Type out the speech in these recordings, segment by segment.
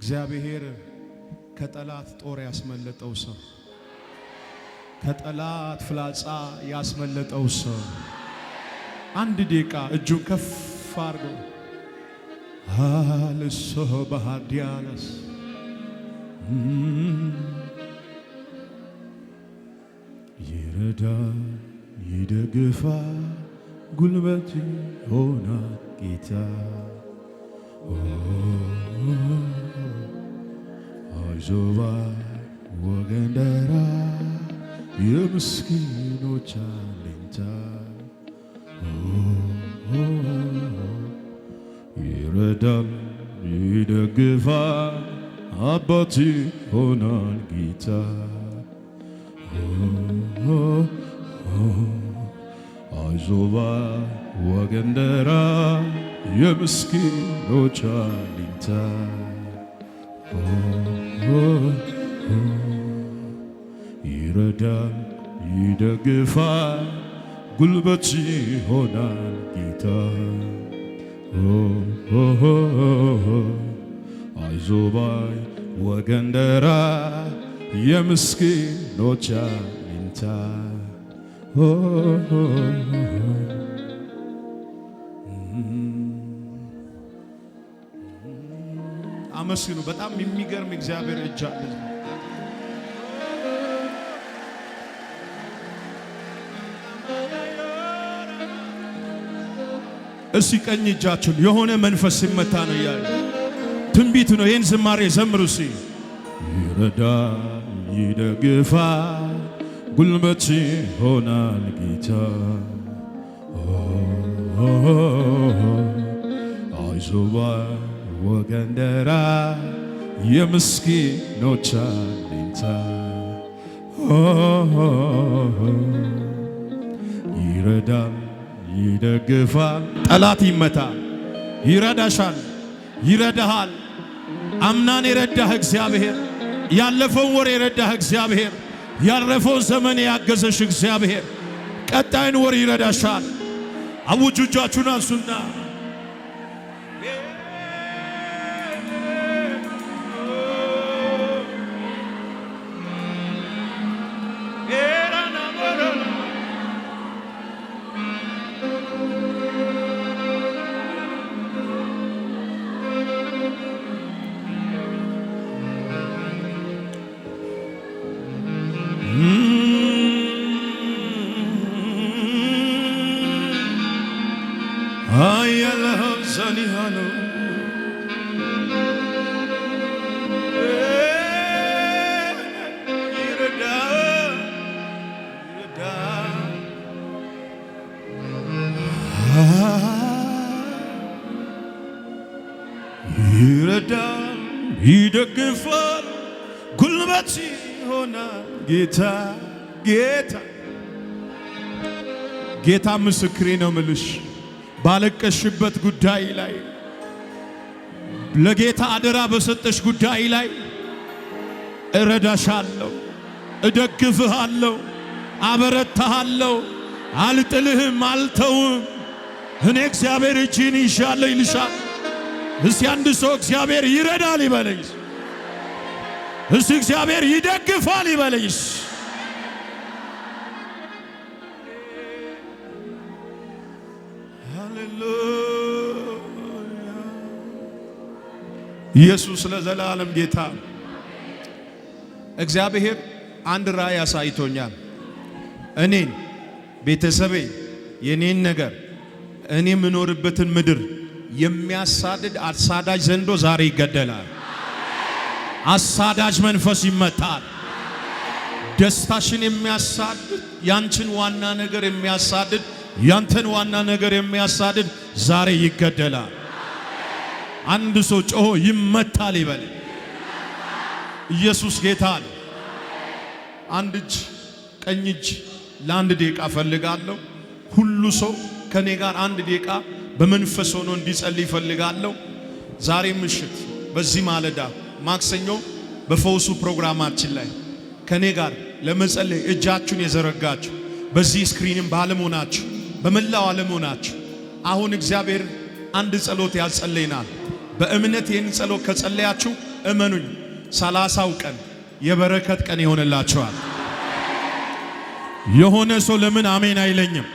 እግዚአብሔር ከጠላት ጦር ያስመለጠው ሰው፣ ከጠላት ፍላጻ ያስመለጠው ሰው አንድ ደቂቃ እጁን ከፍ አርገ አልሶ ባህዲያላስ ይረዳ ይደግፋ ጉልበት ሆና ጌታ አይዞባ ወገንደራ የምስኪኖች አለኝታ ይረዳል ይደግፋል አባት ሆናል ጌታ አይዞባ ወገንደራ የምስኪኖች አለኝታ ይረዳል፣ ይደግፋል፣ ጉልበት ይሆናል ጌታ አይዞባይ ወገንደራ የምስኪኖች አለኝታ አመስግኑ። በጣም የሚገርም እግዚአብሔር እጅ አለ። እስቲ ቀኝ እጃችሁን የሆነ መንፈስ ሲመታ ነው እያለ ትንቢት ነው። ይህን ዝማሬ ዘምሩ። ሲ ይረዳ ይደግፋ ጉልበት ሆናል ጌታ አይዞባ ወገንደራ የምስኪኖች አለኝታ ይረዳል፣ ይደግፋል። ጠላት ይመታ፣ ይረዳሻል፣ ይረዳሃል። አምናን የረዳህ እግዚአብሔር፣ ያለፈውን ወር የረዳህ እግዚአብሔር፣ ያረፈውን ዘመን ያገዘሽ እግዚአብሔር ቀጣይን ወር ይረዳሻል። አውጁ እጃችሁን አንሱና Hayal Hazani Hanım Yüreğim bir gefar Gulbeti ona Geta Geta Geta ምስክሬ ነው ምልሽ ባለቀሽበት ጉዳይ ላይ ለጌታ አደራ በሰጠሽ ጉዳይ ላይ እረዳሻለሁ፣ እደግፍሃለሁ፣ አበረታሃለሁ፣ አልጥልህም፣ አልተውም። እኔ እግዚአብሔር እጅን ይሻለሁ ይልሻል። እስቲ አንድ ሰው እግዚአብሔር ይረዳል ይበለይስ፣ እስቲ እግዚአብሔር ይደግፋል ይበለይስ ኢየሱስ ለዘላለም ጌታ። እግዚአብሔር አንድ ራእይ አሳይቶኛል። እኔን፣ ቤተሰቤ፣ የኔን ነገር እኔ የምኖርበትን ምድር የሚያሳድድ አሳዳጅ ዘንዶ ዛሬ ይገደላል። አሳዳጅ መንፈስ ይመታል። ደስታሽን የሚያሳድድ ያንችን ዋና ነገር የሚያሳድድ ያንተን ዋና ነገር የሚያሳድድ ዛሬ ይገደላል። አንድ ሰው ጮሆ ይመታል ይበል። ኢየሱስ ጌታ አለ። አንድ እጅ ቀኝ እጅ ለአንድ ደቂቃ ፈልጋለሁ። ሁሉ ሰው ከኔ ጋር አንድ ደቂቃ በመንፈስ ሆኖ እንዲጸልይ ፈልጋለሁ። ዛሬ ምሽት በዚህ ማለዳ ማክሰኞ በፈውሱ ፕሮግራማችን ላይ ከኔ ጋር ለመጸለይ እጃችሁን የዘረጋችሁ በዚህ ስክሪንም በዓለም ሆናችሁ በመላው ዓለም ሆናችሁ አሁን እግዚአብሔር አንድ ጸሎት ያጸለይናል። በእምነት ይህን ጸሎት ከጸለያችሁ እመኑኝ ሰላሳው ቀን የበረከት ቀን ይሆንላችኋል። የሆነ ሰው ለምን አሜን አይለኝም?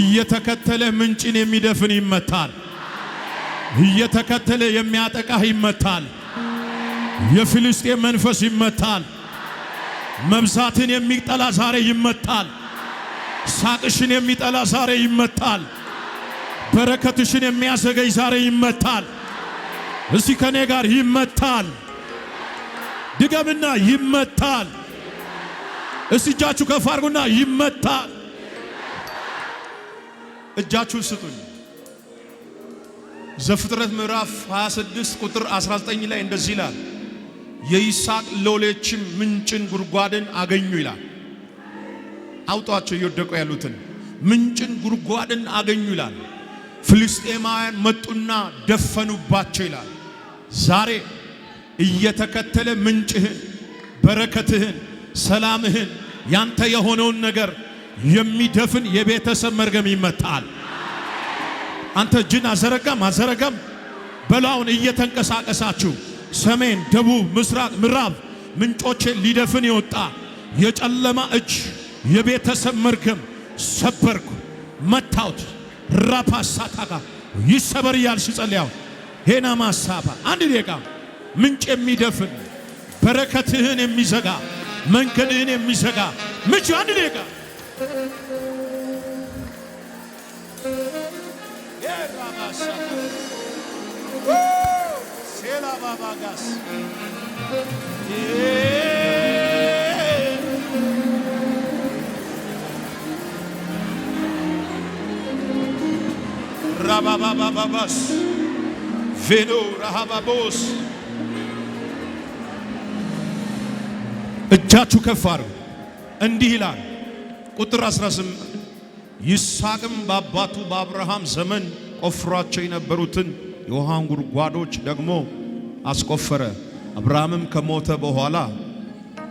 እየተከተለ ምንጭን የሚደፍን ይመታል። እየተከተለ የሚያጠቃህ ይመታል። የፊልስጤም መንፈስ ይመታል። መብዛትን የሚጠላ ዛሬ ይመታል። ሳቅሽን የሚጠላ ዛሬ ይመታል። በረከትሽን የሚያዘገይ ዛሬ ይመታል። እስቲ ከእኔ ጋር ይመታል። ድገምና ይመታል። እስቲ እጃችሁ ከፍ አድርጉና ይመታል። እጃችሁን ስጡኝ። ዘፍጥረት ምዕራፍ 26 ቁጥር 19 ላይ እንደዚህ ይላል፣ የይስሐቅ ሎሌዎችም ምንጭን ጉድጓድን አገኙ ይላል። አውጧቸው እየወደቁ ያሉትን ምንጭን ጉድጓድን አገኙ ይላል። ፍልስጤማውያን መጡና ደፈኑባቸው ይላል። ዛሬ እየተከተለ ምንጭህን፣ በረከትህን፣ ሰላምህን ያንተ የሆነውን ነገር የሚደፍን የቤተሰብ መርገም ይመታል። አንተ እጅን አዘረጋም አዘረጋም በላውን እየተንቀሳቀሳችሁ ሰሜን፣ ደቡብ፣ ምስራቅ፣ ምዕራብ ምንጮቼን ሊደፍን የወጣ የጨለማ እጅ የቤተሰብ መርገም ሰበርኩ መታውት ራፓሳታጋ ይሰበር እያልሽ ጸልያው ሄና ማሳባ አንድ ደቂቃ ምንጭ የሚደፍን በረከትህን የሚዘጋ መንገድህን የሚዘጋ ምንጭ አንድ ደቂቃ ሴላ ባባጋስ ራባባባባስ ቬኖ ረሃባቦስ እጃችሁ ከፍ አድርጉ። እንዲህ ይላል ቁጥር 18 ይስሐቅም በአባቱ በአብርሃም ዘመን ቆፍሯቸው የነበሩትን የውሃን ጉድጓዶች ደግሞ አስቆፈረ። አብርሃምም ከሞተ በኋላ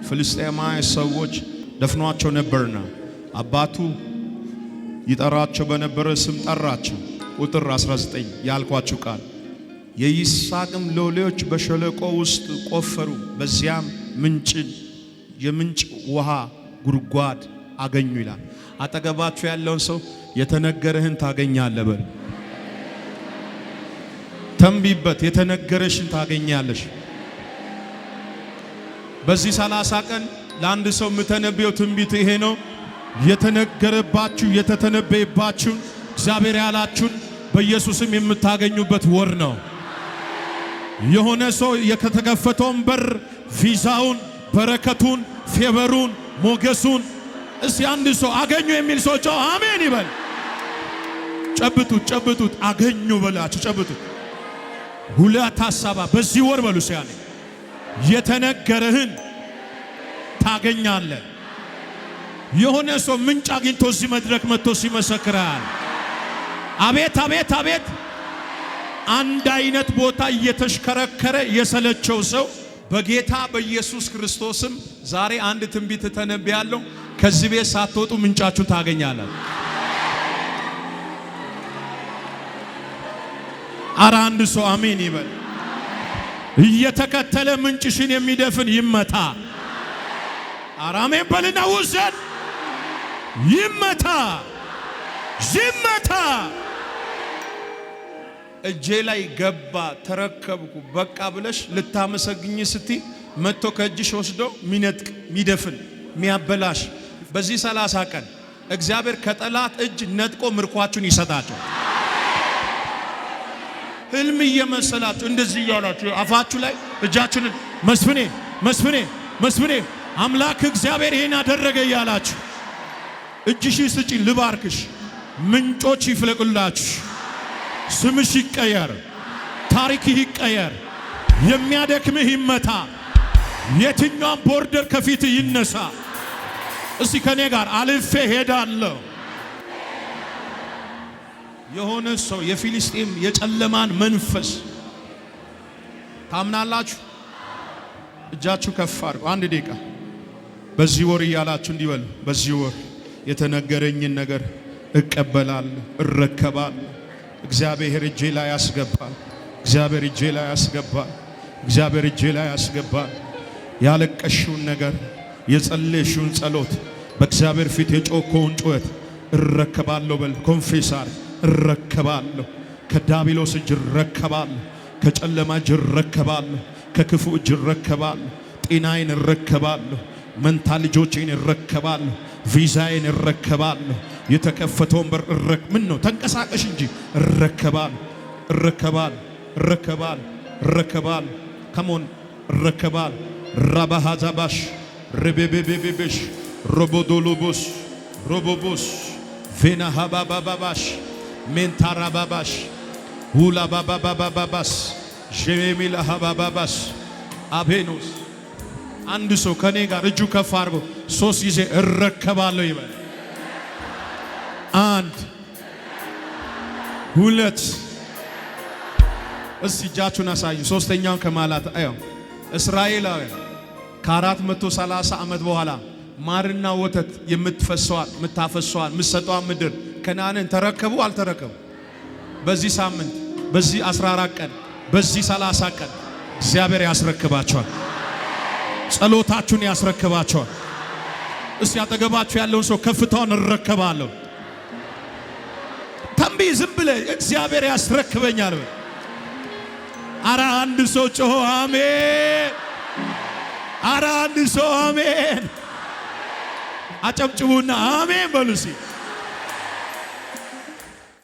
ፍልስጤማዊ ሰዎች ደፍኗቸው ነበርና አባቱ ይጠራቸው በነበረ ስም ጠራቸው። ቁጥር 19 ያልኳችሁ ቃል የይስሐቅም ሎሌዎች በሸለቆ ውስጥ ቆፈሩ፣ በዚያም ምንጭን የምንጭ ውሃ ጉድጓድ አገኙ ይላል። አጠገባችሁ ያለውን ሰው የተነገረህን ታገኛለህ በል። ተንቢበት፣ የተነገረሽን ታገኛለሽ። በዚህ ሰላሳ ቀን ለአንድ ሰው የምተነብየው ትንቢት ይሄ ነው። የተነገረባችሁ የተተነበየባችሁን እግዚአብሔር ያላችሁን በኢየሱስም የምታገኙበት ወር ነው። የሆነ ሰው የከተከፈተውን በር ቪዛውን፣ በረከቱን፣ ፌበሩን፣ ሞገሱን እስቲ አንድ ሰው አገኙ የሚል ሰው ጨው አሜን ይበል። ጨብጡት፣ ጨብጡት፣ አገኙ በላችሁ ጨብጡት። ሁለት ሀሳባ በዚህ ወር በሉ ሲያኔ የተነገረህን ታገኛለህ። የሆነ ሰው ምንጭ አግኝቶ እዚህ መድረክ መጥቶ ሲመሰክራል አቤት አቤት አቤት! አንድ አይነት ቦታ እየተሽከረከረ የሰለቸው ሰው በጌታ በኢየሱስ ክርስቶስም ዛሬ አንድ ትንቢት ተነብያለሁ። ከዚህ ቤት ሳትወጡ ምንጫችሁ ታገኛላችሁ። አረ አንድ ሰው አሜን ይበል። እየተከተለ ምንጭሽን የሚደፍን ይመታ። አረ አሜን በልና ውሰድ ይመታ ይመታ እጄ ላይ ገባ ተረከብኩ በቃ ብለሽ ልታመሰግኝ ስቲ መጥቶ ከእጅሽ ወስዶ ሚነጥቅ ሚደፍን ሚያበላሽ በዚህ ሰላሳ ቀን እግዚአብሔር ከጠላት እጅ ነጥቆ ምርኳችሁን ይሰጣቸው። ህልም እየመሰላችሁ እንደዚህ እያላችሁ አፋችሁ ላይ እጃችሁን መስፍኔ መስፍኔ መስፍኔ አምላክ እግዚአብሔር ይሄን አደረገ እያላችሁ እጅሽ ስጪ ልባርክሽ ምንጮች ይፍለቁላችሁ። ስምሽ ይቀየር፣ ታሪክህ ይቀየር፣ የሚያደክምህ ይመታ፣ የትኛውም ቦርደር ከፊት ይነሳ። እስቲ ከኔ ጋር አልፌ ሄዳለሁ። የሆነ ሰው የፊልስጤም የጨለማን መንፈስ ታምናላችሁ? እጃችሁ ከፍ አድርጉ። አንድ ደቂቃ በዚህ ወር እያላችሁ እንዲበል በዚህ ወር የተነገረኝን ነገር እቀበላለሁ፣ እረከባለሁ እግዚአብሔር እጄ ላይ ያስገባል። እግዚአብሔር እጄ ላይ ያስገባል። እግዚአብሔር እጄ ላይ ያስገባል። ያለቀሽውን ነገር፣ የጸለይሽውን ጸሎት፣ በእግዚአብሔር ፊት የጮኮውን ጩኸት እረከባለሁ በል። ኮንፌሳር እረከባለሁ፣ ከዳቢሎስ እጅ እረከባለሁ፣ ከጨለማ እጅ እረከባለሁ፣ ከክፉ እጅ እረከባለሁ፣ ጤናዬን እረከባለሁ፣ መንታ ልጆቼን እረከባለሁ፣ ቪዛዬን እረከባለሁ የተከፈተውን በር ምን ነው ተንቀሳቀሽ እንጂ እረከባል እረከባል እረከባል እረከባል ከሞን እረከባል ራባሃዛባሽ ሬቤቤቤቤሽ ሮቦዶሎቦስ ሮቦቦስ ቬናሃባባባባሽ ሜንታራባባሽ ሁላባባባባባስ ዤሜሚላሃባባባስ አቤኖስ አንድ ሰው ከኔ ጋር እጁ ከፍ አድርጎ ሶስት ጊዜ እረከባለሁ ይበል። አንድ ሁለት እስቲ እጃችሁን አሳዩ። ሶስተኛውን ከማላት አየው እስራኤላውያን ከአራት መቶ ሰላሳ ዓመት በኋላ ማርና ወተት የምትፈሰዋል የምታፈሰዋል የምትሰጠዋል ምድር ከነአንን ተረከቡ አልተረከቡ? በዚህ ሳምንት በዚህ 14 ቀን በዚህ 30 ቀን እግዚአብሔር ያስረክባቸዋል። ጸሎታችሁን ያስረክባቸዋል። እስቲ አጠገባችሁ ያለውን ሰው ከፍታውን እረከባለሁ ቁሚ ዝም ብለ እግዚአብሔር ያስረክበኛል። አረ አንድ ሰው ጮሆ አሜን! አረ አንድ ሰው አሜን! አጨብጭቡና አሜን በሉሲ